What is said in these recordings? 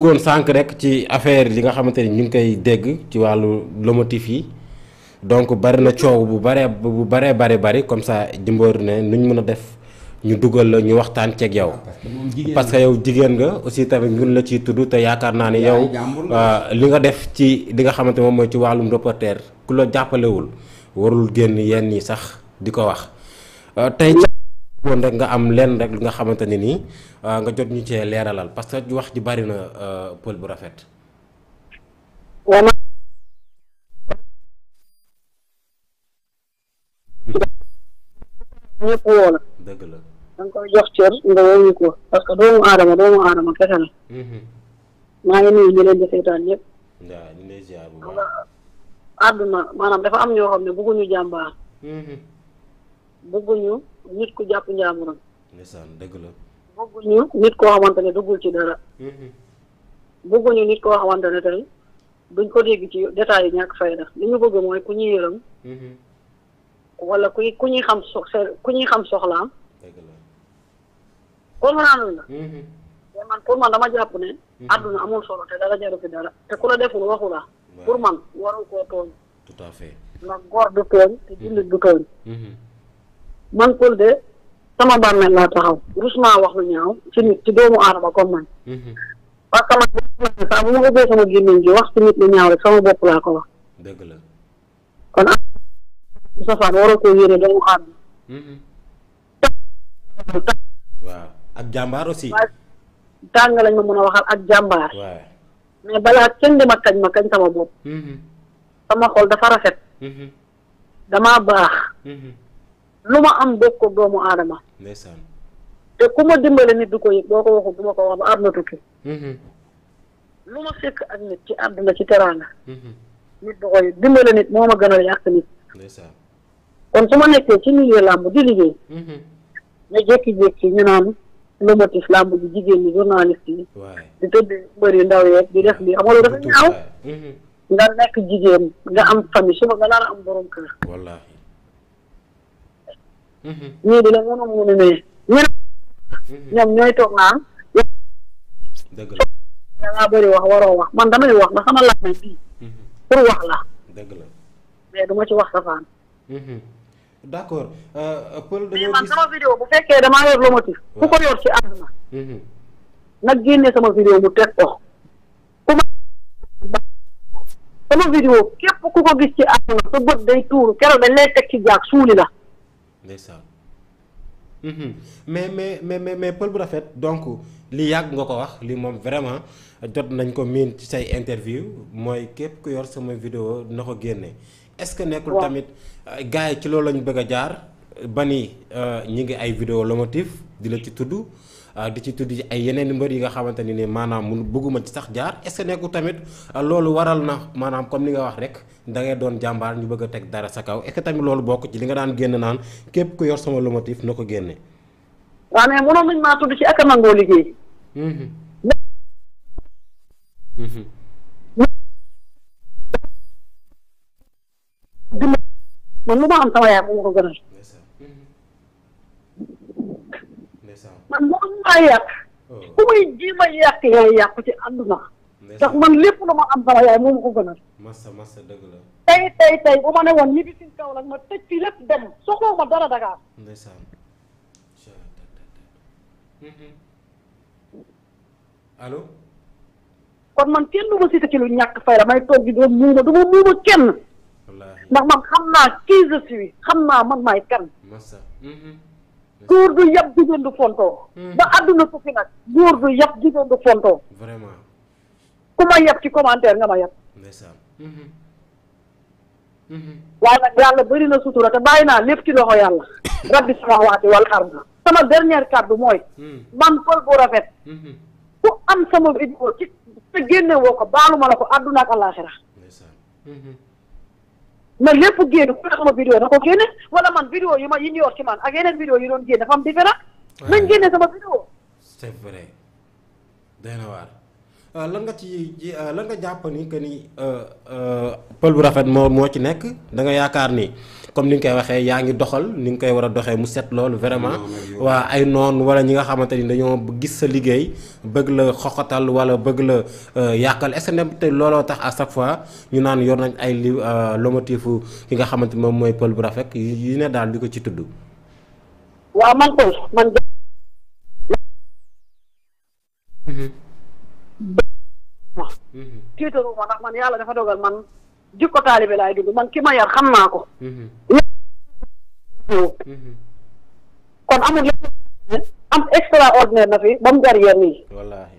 goon sànq rek ci affaire li nga xamante ni ñu ngi koy dégg ci wàllu lomotif yi donc bari na coow bu baree bu baree bari bari comme ça Jimbori ne nuñ mun a def ñu dugal la ñu waxtaan ceeg yow. parce que yow jigéen nga aussi tamit ñun la ciy tudd te yaakaar naa ni yow. Euh, li nga def ci li nga xamante moom mooy ci wàllum reporter ku la jàppalewul warul génn yenn yi sax di ko wax euh, woon rek nga am lenn rek nga xamante ne nii euh, nga jot ñu cee leeralal parce que wax ji bari na euh, pël bu rafet. ñëpp woo la. dëgg la da koy jox cër nga wowuñu ko parce que doomu aadama doomu aadama kese la. Mm-hmm. maa ngi nuyu ñu leen di seetaan ñëpp. àdduna maanaam dafa am ñoo xam ne bëgguñu jàmbaar. Mm-hmm. bëgguñu. nit ku jàpp njaamuram. ndeysaan dëgg la. bëgguñu nit koo xamante ne duggul ci dara. Mm-hmm. bëgguñu nit koo xamante ne tey duñ ko dégg ci détails yi ñàkk fayda li ñu bëgg mooy ku ñuy yërëm. Mm-hmm. wala ku ku ñuy xam ku ñuy xam soxlaam. dëgg la. kon maanaam la. te man pour man dama jàpp ne. Mm-hmm. àdduna amul solo te dara jaru fi dara te ku la deful waxu pour man warul koo tooñ. tout à fait. ndax góor du tooñ te jullit du tooñ. man Coul de sama bàmmeel laa taxaw rusmaa wax lu ñaaw ci nit ci doomu aadama comme man. Mhm. parce que man bu ma bu ma ubbee sama gémmiñ wax ci nit lu ñaaw rek sama bopp laa ko wax. dëgg la kon am na safaan waroo koo yéene doomu aadama. Mhm. waaw ak jàmbaar aussi. tàng lañ ma mën a waxal ak jàmbaar. mais balaa kenn di ma kañ ma kañ sama bopp. Mhm. sama xol dafa rafet. damaa baax. lu ma am bokk ko doomu aadama ndeysaan te ku ma dimbale nit du ko yëg boo ko waxul du ma ko wax ba àdduna tukki mm-hmm. lu ma fekk ak ci àdduna ci teraanga mm-hmm. nit du ko yëg dimbale nit moo ma gën a yàq nit kon su ma nekkee ci milieu làmb di liggéey nga mm-hmm. jékki-jékki ñu naan lomotif làmb bi jigéen ñi journaliste yi di tëdd mbër yu ndaw yeeg di def lii xam nga loolu dafa ñaaw nga nekk jigéen nga am famille suba nga naan am borom kër ñii di la mën a mën a nuyu ñoom ñooy naan. dëgg la da waroo wax man damay wax ndax sama laaj bi mhm. pour wax la. dëgg ci wax safaan. Mhm. d' accord. Euh, euh, Pël dañoo man sama vidéo bu fekkee damaa yor lomotif. ku ko yor ci àdduna. Mhm. nag génne sama vidéo mu teg ko. ku ma sama vidéo képp ku ko gis ci àdduna sa bët day tuuru keroog dañ lay teg ci suuli la. ndeysaan mhm. mais mais mais mais mais pël bu rafet donc li yàgg nga ko wax li moom vraiment jot nañ ko miin ci say interview mooy képp ku yor sama video dina ko génne est-ce que nekkul tamit gars ci loolu lañu bëgg a jaar ba ni euh, ñi ngi ay video lomotif di la ci tudd Ah, di ci tudd ay yeneen mbër yi nga xamante ni maanaam mun bëgguma ci sax jaar est-ce nekku tamit ah, loolu waral na maanaam comme li nga wax rek da ngay doon jàmbaar ñu bëgg a teg dara sa kaw est tamit loolu bokk ci li nga daan génn naan képp ku yor sama lomotif na ko génne. waaw mais mënoon ci a nangoo liggéey. Mm-hmm. Mm-hmm. lu ma am sama yaay moo ma ko gënal. man moom maa yàq oh. ku muy ji ma yàq yaay yàqu ci àdduna ndax man lépp lu ma am sama yaay moom ko gënal massa massa dëgg la tey tey tey bu ma ne si kaw la ma tëj fi lépp dem soxla ma dara Dakar ndeysaan mm-hmm. allo kon man kenn du ma cité ci lu ñàkk fay la may toog bi doon muuma du ma muuma kenn ndax man xam naa qui je suis xam naa man maay kan góor du yab jigéen du fontoo hmm. ba àdduna su nag góor du yab jigéen du fontoo vraiment ku ma yab ci commentaire nga ma yab hmm. Hmm. waaye yàlla bëri na sutura te bàyyi naa lépp ci loxo yàlla rabbi sama waati wal ard sama dernière kàddu mooy man pël bu rafet ku am sama vidéo ci te génne woo ko baalu ma la ko àdduna ak àllaaxira na lépp génn ku ne sama vidéo na ko génne wala man vidéo yi ma yi ñu yor ci man ak yeneen vidéo yi doon génn dafa am différent nañ génne sama vidéo c'est vrai day na euh, nga ci euh, la nga jàpp ni que ni euh, pël bu rafet moo moo ci nekk da nga yaakaar ni comme ni nga koy waxee yaa ngi doxal ni nga koy war a doxee mu set loolu vraiment waa ay noon wala ñi nga xamante ni dañoo gis sa liggéey bëgg la xoxatal wala bëgg la euh, yàqal est-ce te looloo tax à chaque fois ñu naan yor nañ ay li euh, lomotifu ki nga xamante moom mooy pël bu rafet yi ne daal di ko ci tudd waaw man pël man mm-hmm. tiitaru ma ndax mm-hmm. man yàlla dafa dogal man jikko taalibe laay dund man ki ma yar xam naa ko. Mm-hmm. Mm-hmm. Mm-hmm. kon amul lenn am extraordinaire na fi ba mu jar yenn yi. wallaahi.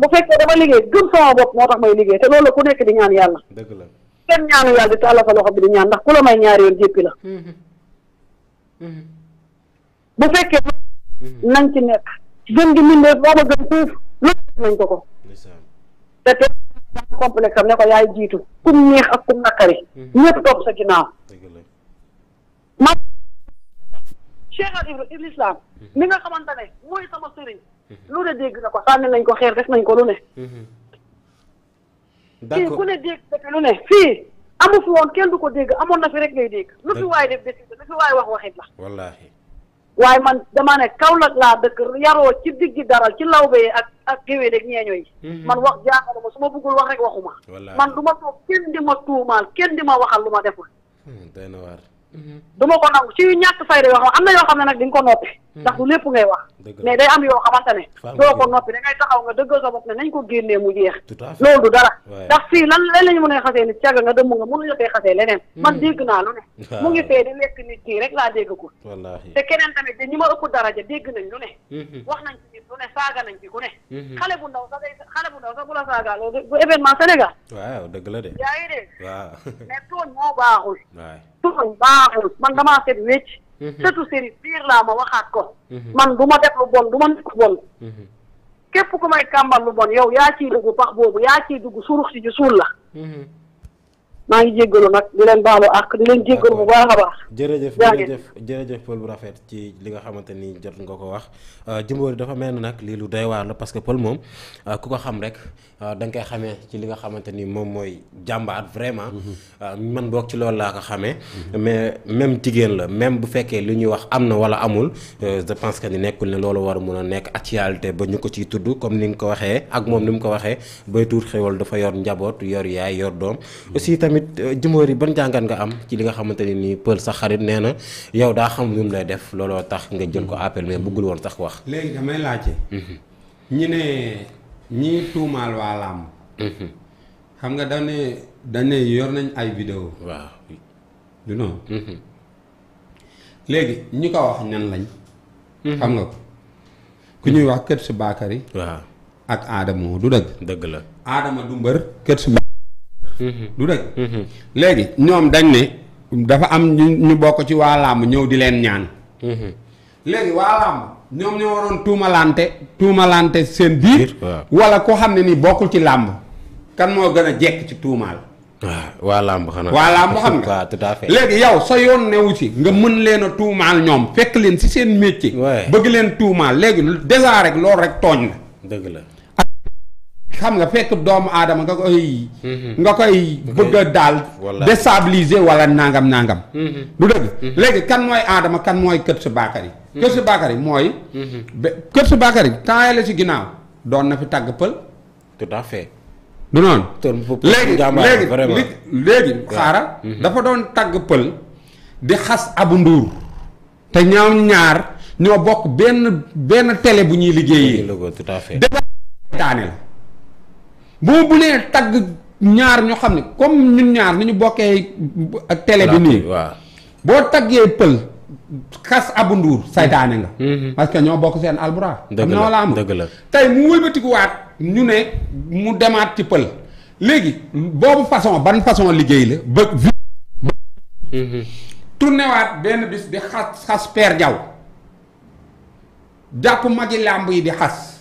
bu fekkee dafa liggéey gëm sama bopp moo tax may liggéey te loolu la ku nekk di ñaan yàlla. dëgg la kenn ñaanu yàlla di tàllal sa loxo bi di ñaan ndax ku la may ñaari yoon jéppi la. bu fekkee nañ ci nekk gën di mbindeef boo ma gën fuuf loolu nañ ko ko. te daa complexe am ne ko yaay jiitu kum neex ak kum naqari mhm. ñëpp topp sa ginnaaw ma Cheikh Al Ibra Ibn Islam mhm. mi nga xamante ne mooy sama sëriñ mhm. lu ne dégg na ko sànni nañ ko xeer def nañ ko lu ne fii ku ne dégg defe lu ne fii amu fi woon kenn du ko dégg amoon na fi rek ngay dégg lu fi waay def décidé lu wax waxit la wallaahi waaye man damaa kaw Kaolack laa dëkk yaroo ci diggi daral ci be ak ak géwél ak ñeeño mhm. man wax jaaxalu ma su ma bëggul wax rek waxuma man du ma toog kenn di ma man kenn di ma waxal lu ma deful hmm, Mm-hmm. du ma ko nangu ci ñàkk fayda yoo xam am na yoo xam ne nag di nga ko noppi mm-hmm. ndax du lépp ngay wax mais day am yoo xamante ne doo ko noppi da ngay taxaw nga dëggal sa ne nañ ko génnee mu jeex loolu du dara ndax fii lan lan lañu mën a xasee nit càgg nga dëmm nga mënuñu la koy xasee leneen mm-hmm. man dégg naa lu ne mu ngi fee di lekk nit kii rek laa dégg ko te keneen tamit da ñi ma ëpp daraja dégg nañ lu ne wax nañ ci nit lu ne saaga nañ ci ku ne xale bu ndaw sax xale bu dëgg la de yaa ngi dégg tooñ baaxul man damaa set wécc mhm. surtout série biir laa ma waxaat ko mhm. man du ma def lu bon du ma nekk lu bon mhm. képp ku may kàmbal lu bon yow yaa ciy dugg pax boobu yaa ciy dugg surux si ju suul la maa ngi jéggalu nag di leen baalu ak di leen jéggalu bu baax a baax. jërëjëf jërëjëf jërëjëf bu rafet ci li nga xamante ni jot nga ko wax euh, Jimbori dafa mel ni nag lii lu doy waar la parce que Paul moom euh, ku ko xam rek euh, da nga koy xamee ci li nga xamante ni moom mooy jàmbaar vraiment. Mhm. man boog ci loolu laa ko xamee. Mhm. mais même jigéen la même bu fekkee li ñuy wax am na wala amul je pense que ni nekkul ne loolu war a mun a nekk actualité ba ñu ko ciy tudd comme ni nga ko waxee ak moom ni mu ko waxee bay tuur dafa yor njaboot yor yaay yor doom mhm. tamit euh, jumóor yi ban jàngat nga am ci li nga xamante ne nii Peul sa xarit nee na yow daa xam lu mu lay def looloo tax nga jël ko appel mais bëggul woon sax wax. léegi damay laajte. Mhm. ñi ne ñi tuumaal waa mhm. xam nga dañ ne dañ nañ ay vidéo waaw du noonu. Mhm. léegi ko ku ñuy wax kër si Bakary. waaw ak Adama du dëgg. dëgg la Adama du mbër kër si Mm-hmm. du dëgg. Mm-hmm. léegi ñoom dañ ne dafa am ñu ñu bokk ci waa làmb ñëw di leen ñaan. Mm-hmm. léegi waa làmb ñoom ñoo waroon tuumalante tuumalante seen biir. wala koo xam ne ni bokkul ci làmb. kan moo gën a jekk ci tuumaal. waaw ah, waa làmb xanaa. waa làmb xam nga tout à fait léegi yow sa yoon newu ci nga mën leen a tuumaal ñoom fekk leen si seen métier. bëgg leen tuumaal léegi déjà rek loolu rek tooñ dëgg la. xam nga fekk doomu aadama nga koy. Mhm. nga koy bëgg daal. déstabiliser wala nangam nangam. Mhm. du dëgg. Mhm. léegi kan mooy aadama kan mooy kër su Bakary. kër su Bakary mooy. kër su Bakary temps yële si ginnaaw doon na fi tàgg pël. tout du noonu. léegi léegi léegi xaara. dafa doon tàgg pël di xas abu nduur te ñoom ñaar ñoo bokk benn benn tele bu ñuy liggéeyee. tout boo bu nee tagg ñaar ñoo xam ne comme ñun ñaar ni ñu bokkee télé bi nii boo taggee pël xas abu nduur saytaane nga mm-hmm. Mm-hmm. parce que ñoo bokk seen albura am na wala amul dëgg la tey mu wëlbatikuwaat ñu ne mu demaat ci pël léegi boobu façon ban façon liggéey la bëgg vi mm-hmm. benn bis di xas xas peer jaw jàpp magi làmb yi di xas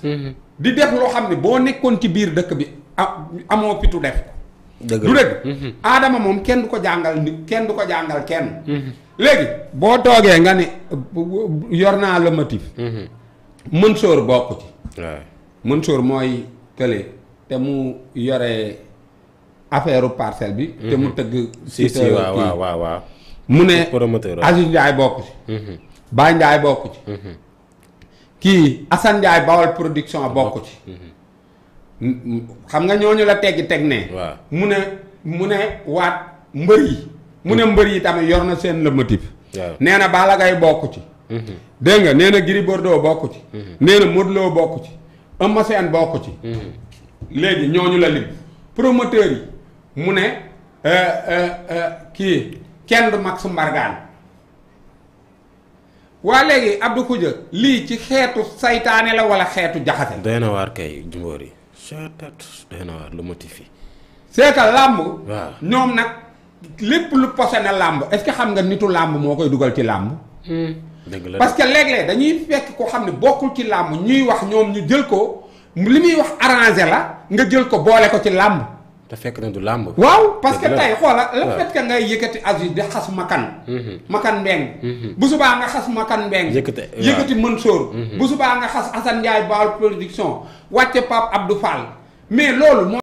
di def loo xam ne boo nekkoon ci biir dëkk bi Ah, amoo pitu def du dëgg mhm. aadama moom kenn du ko jàngal ni kenn du ko jàngal kenn mhm. léegi boo toogee nga ni yor naa le motif mhm. Mansour bokk ci Mansour mooy kële te mu yore affaire parcelle bi te mu tëgg si si waaw waaw waaw mu ne Aziz Ndiaye bokk ci Baye Ndiaye bokk ci kii Assane Bawol production bokk ci xam nga ñooñu la teggi teg ne. waaw mu ne mu ne waat mbër yi. mu ne mm. mbër yi tamit yor na seen le motif. nee na Balla Gaye bokk ci. Mm-hmm. dégg nga nee na Gris Bordeaux bokk ci. Mm-hmm. nee na Modou Lo ci. Eumeu Sène bokk ci. Mm-hmm. léegi ñooñu la lim promoteur yi mu ne euh, euh, euh, kii kenn du Max Mbargaan waa léegi Abdou Khoudia lii ci xeetu saytaane la wala xeetu jaxase. doy na waar kay jumboor yi. seetat day na waar lu motivé. c'est que làmb. ñoom nag lépp lu posé na làmb est-ce xam nga nitu làmb moo koy dugal ci làmb. Hmm. dëgg la parce que léeg dañuy fekk koo xam ne bokkul ci làmb ñuy wax ñoom ñu jël ko li muy wax arrangé la nga jël ko boole ko ci làmb. te fekk na du làmb. waaw parce que tey xoola le fait que ngay yëkkati Aziz di xas makan mm-hmm. makan mbeng mm-hmm. bu subaa nga xas makan mbeng yëkkati yëkkati Mansour mm-hmm. bu nga xas Assane Ndiaye Baol production wàcce Pape Abdou Fall mais loolu